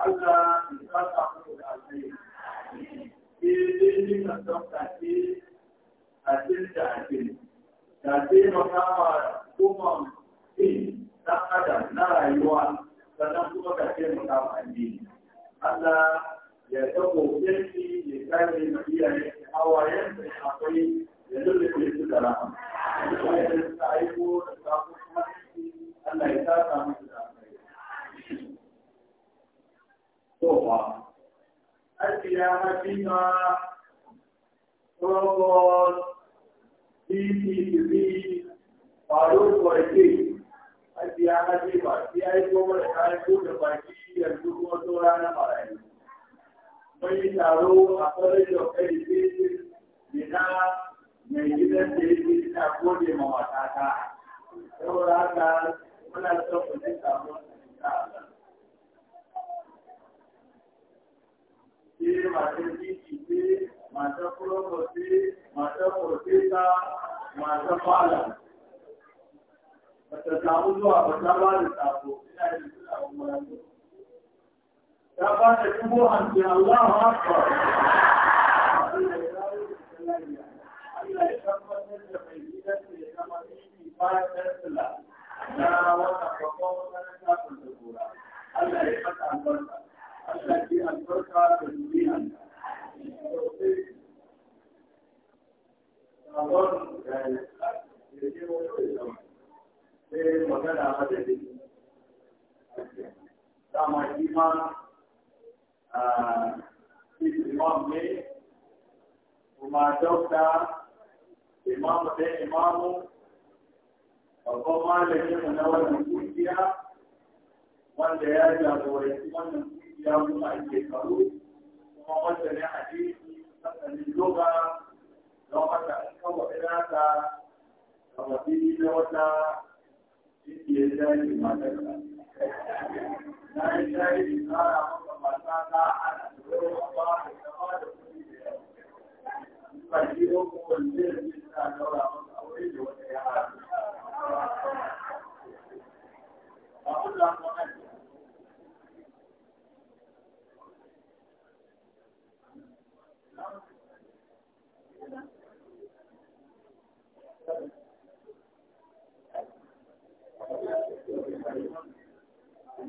S1: Allah ya fata muku da alheri. Daidai ne kan a kuma na rayuwa sannan kuma ka taimaka wa ya tabo yanki ya kare ma iyayen akwai ya lullube su da rahama. Fatima, Robot, DTV, Faruk Warki, Hajiya Hajiba, ya yi da baki yanzu kuma saura marayu. taro a College of Education, Mina, mai gidan da yake gode ma matata. Saboda haka muna son matar titi ce matar fulogo ce matar profesa matar ta samu zuwa ba ba da sako ina yin suna umaranto ta ba da dubu hamsin Allah akbar Allah ya tabbatar da mai gidan da ya zama titi bayan ɗan na wannan babban makaranta kun da Allah ya fata albarka Allah albarka da duniya sabon da ya ce wato ya a ne kuma da imamu wanda ya jagoranci wannan ya mutu a shekaru kuma wanda ne hadisi sannan yoga da mafi na wata yake da ba da kama da kuɗi ya ce ya haɗu.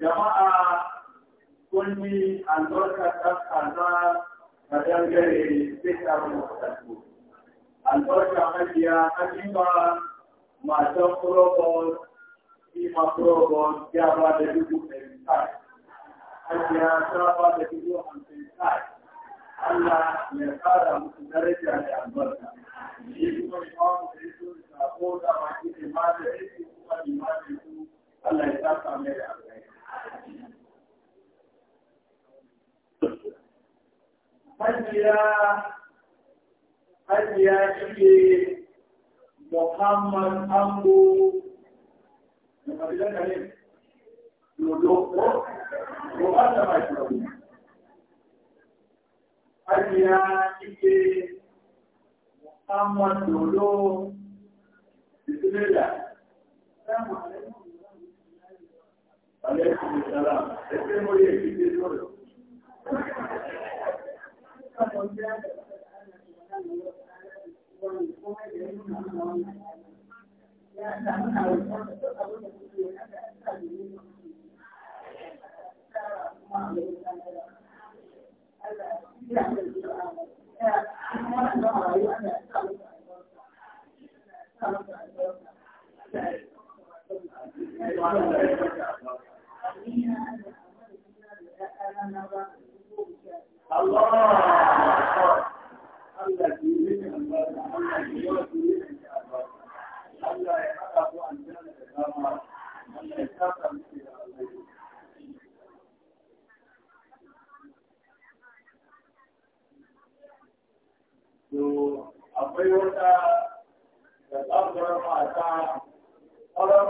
S1: jama'a kun yi albarkatar kaza ta dangare bisa mutattu albarka hajiya hajjiba matan probos ima probos ya ba da dubu ɗari kai hajiya ta ba da dubu hamsin kai Allah ya kara musu daraja da albarka. Shi kuma imamu da ya so da sako da baki da ma da ya Allah ya saka mai da Hajiya Hajiya shi Muhammad Ambo da kabilan السلام اسمه ايه في الدور Thank you. akwai wata da tsakuwar mata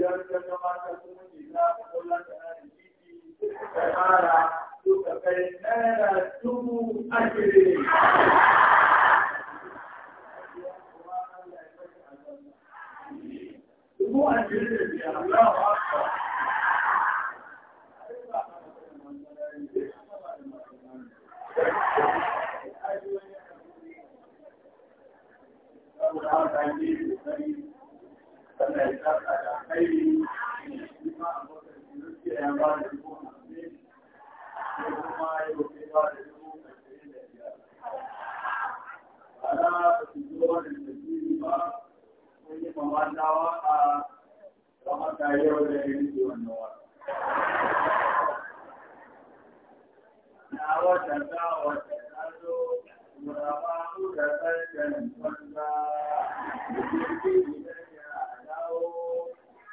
S1: idan ka ne ka kula da arziki ka fara
S3: Thank you. sannan ya tsarka da
S1: aiki kuma a lokacin ya ba da dubu hamsin ko kuma da yi ya Na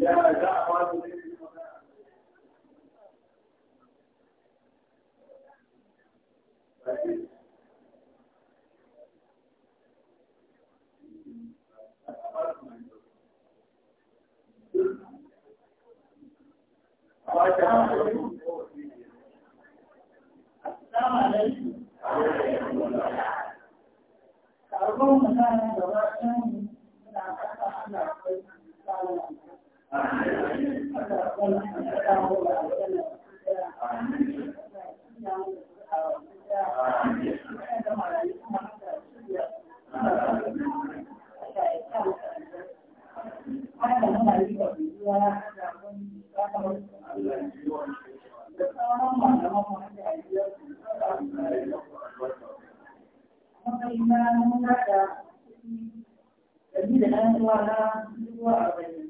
S1: لا دعوة السلام عليكم ورحمة الله أرجو أن
S2: أكون من أحد أحد أحد Jadi dengan suara dua apa ini?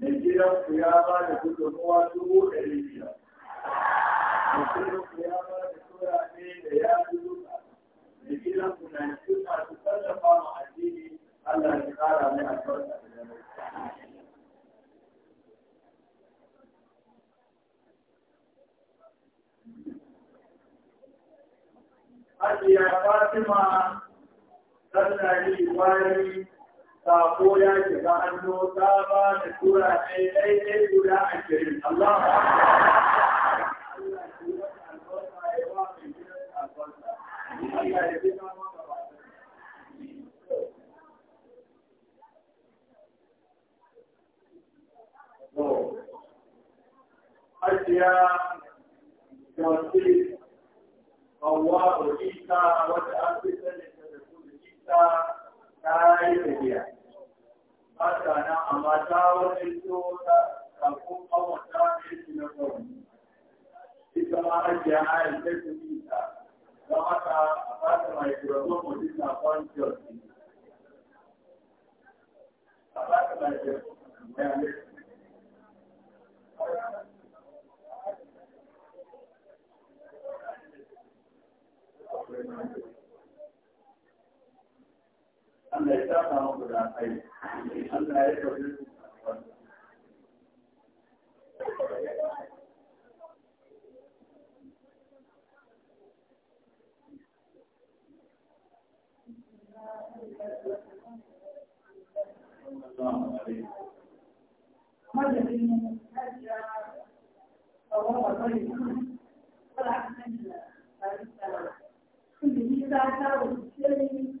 S1: da gidan ku ya ba da gudunmuwa dubu ɗari biyar. Mutumin ku ya ba da turane da ya fi duka, da gidan ku na cikin masu tallafa ma addini Allah ya ne mai albarka da Hajiya Fatima, sallah ne wari sako ya shiga hannu ta ba da tura ɗai ɗai ɗai guda ashirin Allah Ajiya Johnson, Hawwa Isa, wata an fi sanin da ta da ta yi tafiya. hatana a mata wajen tsohonta kafin kwamata ne su na kwanu. Ita ma ake hanyar tafi nita, ga mata a fata mai turamon mutum na kwanciyar su. A fata mai turamon mutum na kwanciyar su. Allah ya saka muku da kai Allah ya kawo
S2: Thank you.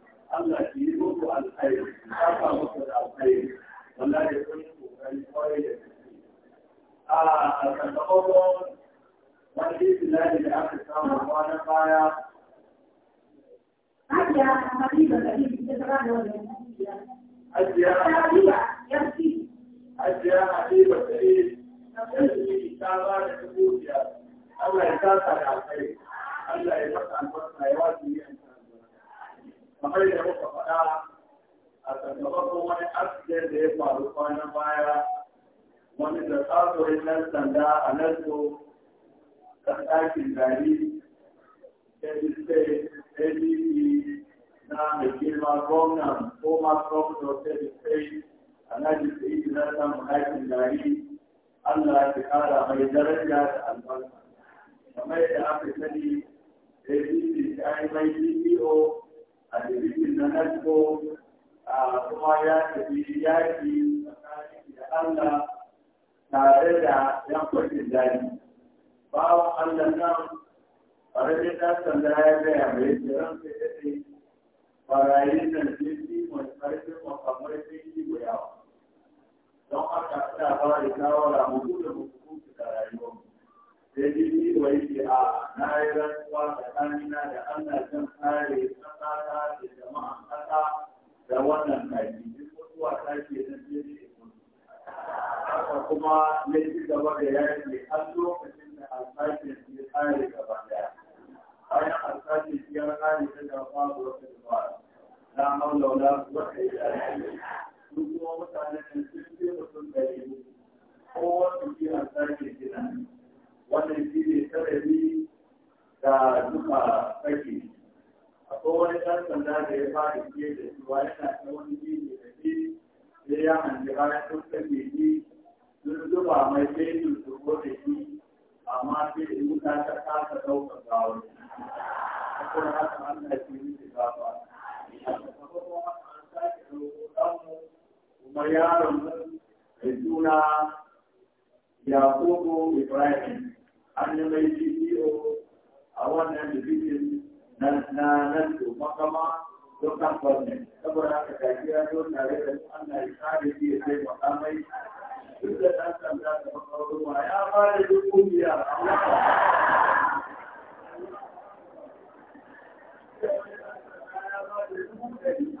S1: Allah ya yi muku alkhairi ya fa muku da alkhairi wallahi kun yi kokari kwarai da gaske ah, a sakamakon wani islami da aka samu kwanan baya Ajiya a
S2: Habiba da Habibu ta zama da wannan
S1: Ajiya a Habiba ya a ta yi ta zai ta ba da ta Allah ya sa ta da alkhairi. Allah ya masa albarka ya wasu yi kamar da muka faɗa a sakamakon wani accident da ya faru kwanan baya wani da tsatsorin nan sanda a nan so kan ɗakin gari sai sai na mai girma gwamnan ko ma gwamnan sai sai a nan da sai na samun ɗakin gari Allah ya kara mai daraja da albarka kamar da aka sani ADC ta yi mai DPO a na nasko kuma ya yaki tsakanin Allah tare da yankwacin daji. Allah ta sanda ya gaya mai jiran sai ya ce barayin nan jirgi mai Don haka ta fara shawara mu da mu da rayuwarmu. da jini wai ke a na yi rantsuwa tsakanina da Allah zan kare ƙasa da jama'a ƙasa da wannan kaji duk mutuwa ta ke nan jini haka kuma ya ci gaba da yaƙi har lokacin da alfashin ya kare gaba daya bayan alfashin ya kare ta da babu wata dabara na haula wala wata ya su kuma mutanen sun ce mutum ɗari uku kowa su ke alfashin gina wannan shi ne sarari da duka kake akwai wani ɗan sanda da ya fara fiye da shi yana na ta wani ne da shi da ya hanci bayan sun kake shi sun zuba mai fetur su ko da shi amma sai da wuta ta kasa ɗaukar gawar akwai haka an na fi yi da gafa kuma yaron mu juna ya Yakubu Ibrahim an mai bidiyo e a wannan division na nasu makama local government saboda haka tafi ya zo tare da an na yi kare shi ya sai makamai duk da ɗan sanda da makawarin ma ya fara duk kungiya Thank you.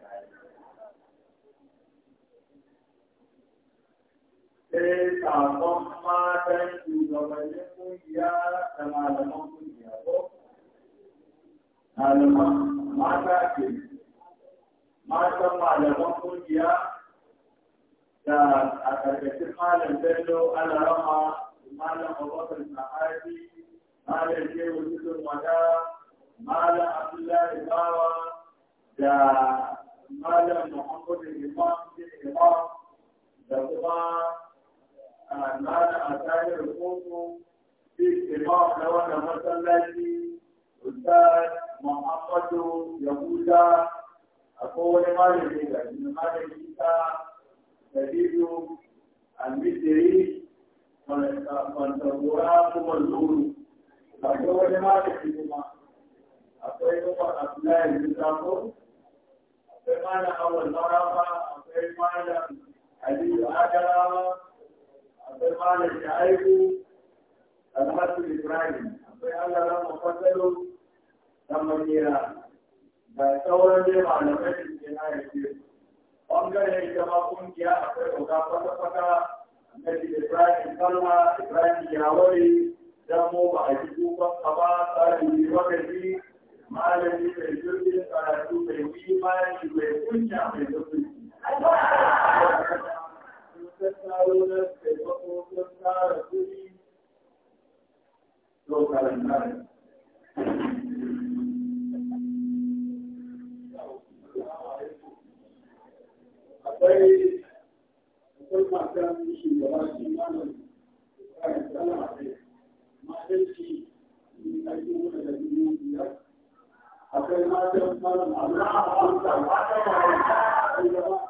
S1: sai sakon matan shugabannin kungiya da malaman kungiya ko malaman mata ke matan malaman kungiya da a ƙarƙashin malam bello ana rama malam abubakar sahabi malam shehu yusuf mada malam abdullahi bawa da malam muhammadu imam bin imam da kuma mala a tayar koko fi imam na wannan masallaci Ustaz Muhammadu Yahuda akwai wani malami da shi malami ta Sabidu Al-Misri Fantabura kuma Zuru akwai wani malami kuma akwai kuma Abdullahi Bisako akwai malam Awal Marafa akwai malam Aliyu Adarawa akwai malam da aiku alhassu ibrahim akwai allah ran mafasalo dan manira da sauran dai malamai da ke na yake bangare ita ma kungiya akwai oga kwata-kwata na ibrahim kalma ibrahim yawari dan mu ba a ji kukan ka ba tsarin yi wakafi malami mai jirgin karatu mai wimani mai kunya mai zurfi ta kawo na taimako ta tsara kuɗi to karanta akwai akwai matan shugaba shi malam kayan tsala a kai matan shi ne ake wuce da dubu biyar akwai matan malam a wani a wani a wani a wani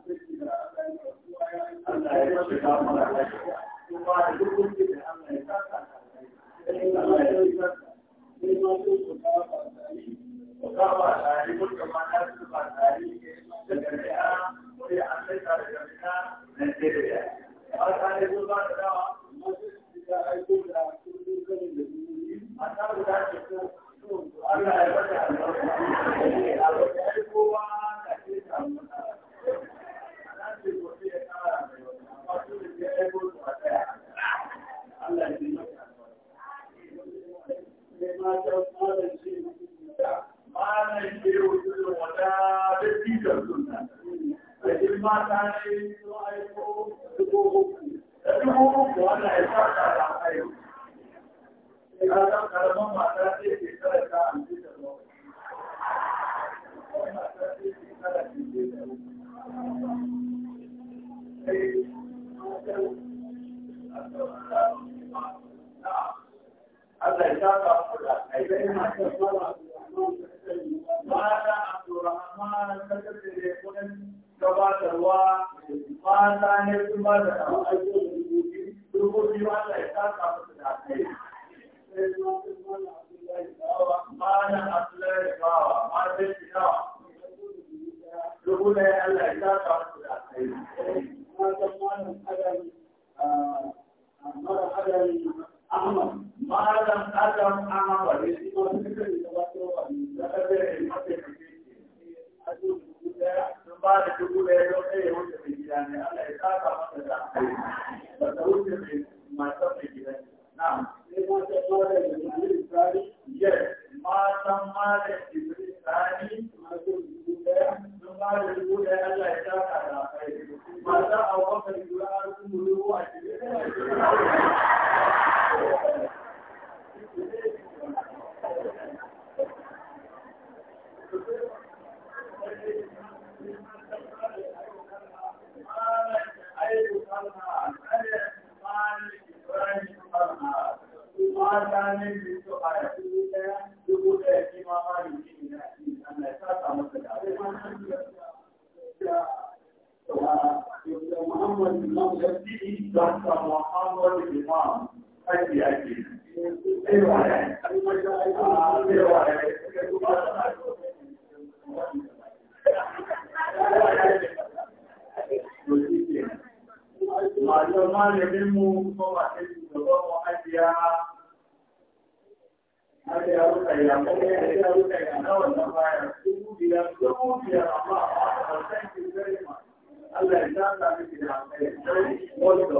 S1: Allah ya masu ta da yi Masu malamin mu kuma masu shugaban mu hajiya
S2: hajiya rukaiya kuma hajiya
S1: rukaiya na da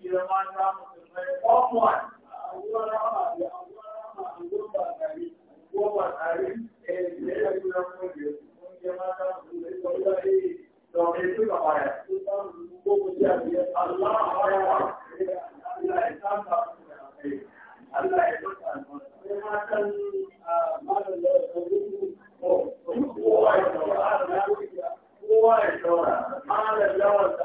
S1: kungiyar mata a a da a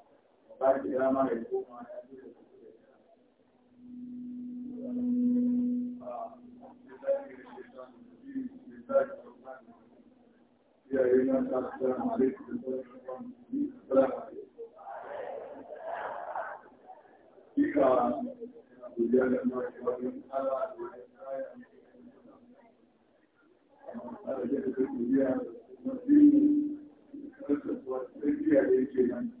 S1: ba ki dama ya koma ya ji da Yeah, you're not talking about it. Thank you.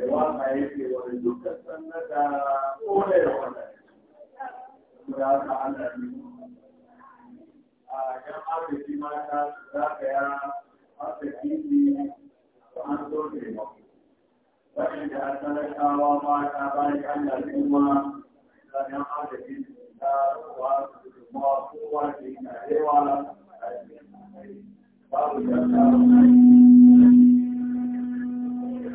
S1: mai waka yake wani dukkan sannan da kone da wanda ya ka ana yi a yan arziki mata za ka ya arziki ne da an so ne waɗanda a talakawa mata bayan Allah kuma da yan arziki ta kuwa kuma kowa ke karewa a cikin babu yanka